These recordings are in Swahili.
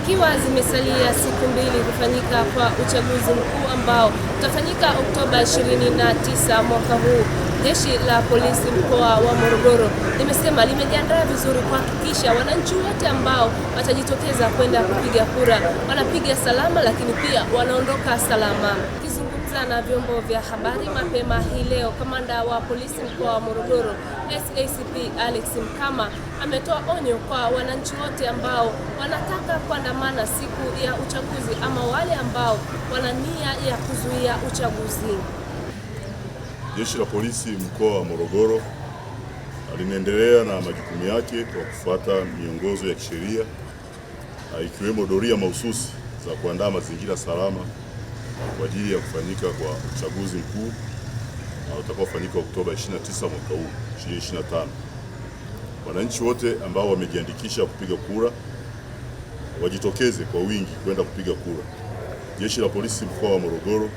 Zikiwa zimesalia siku mbili kufanyika kwa uchaguzi mkuu ambao utafanyika Oktoba 29 mwaka huu, jeshi la polisi mkoa wa Morogoro limesema limejiandaa vizuri kuhakikisha wananchi wote ambao watajitokeza kwenda kupiga kura wanapiga salama, lakini pia wanaondoka salama. Akizungumza na vyombo vya habari mapema hii leo, kamanda wa polisi mkoa wa Morogoro SACP Alex Mkama ametoa onyo kwa wananchi wote ambao wanataka kuandamana siku ya uchaguzi ama wale ambao wana nia ya kuzuia uchaguzi. Jeshi la polisi mkoa wa Morogoro linaendelea na majukumu yake kwa kufuata miongozo ya kisheria ikiwemo doria mahususi za kuandaa mazingira salama kwa ajili ya kufanyika kwa uchaguzi mkuu utakaofanyika Oktoba 29 mwaka huu 2025. Wananchi wote ambao wamejiandikisha kupiga kura wajitokeze kwa wingi kwenda kupiga kura. Jeshi la Polisi mkoa wa Morogoro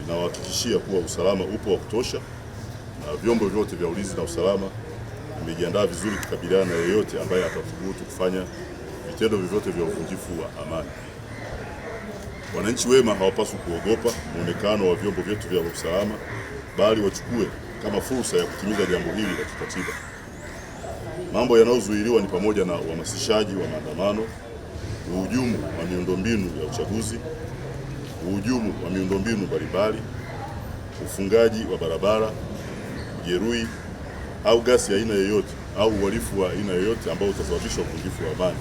linawahakikishia kuwa usalama upo wa kutosha na vyombo vyote vya ulinzi na usalama vimejiandaa vizuri kukabiliana na yeyote ambaye atathubutu kufanya vitendo vyovyote vya uvunjifu wa amani. Wananchi wema hawapaswi kuogopa muonekano wa vyombo vyetu vya usalama, bali wachukue kama fursa ya kutimiza jambo hili la kikatiba. Mambo yanayozuiliwa ni pamoja na uhamasishaji wa maandamano, uhujumu wa miundombinu ya uchaguzi, uhujumu wa miundombinu mbalimbali, ufungaji wa barabara, ujeruhi au gasi ya aina yoyote au uhalifu wa aina yoyote ambao utasababisha uvunjifu wa amani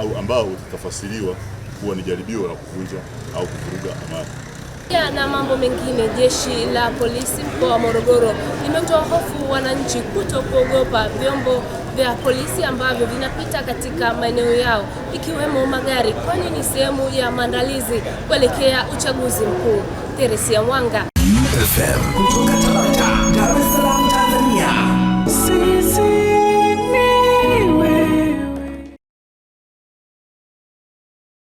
au ambao utatafasiriwa kuwa ni jaribio la kuvunja au kuvuruga amani. Pia na mambo mengine, jeshi la polisi mkoa wa Morogoro limetoa hofu wananchi kuto kuogopa vyombo vya polisi ambavyo vinapita katika maeneo yao ikiwemo magari, kwani ni sehemu ya maandalizi kuelekea uchaguzi mkuu. Teresia Mwanga FM.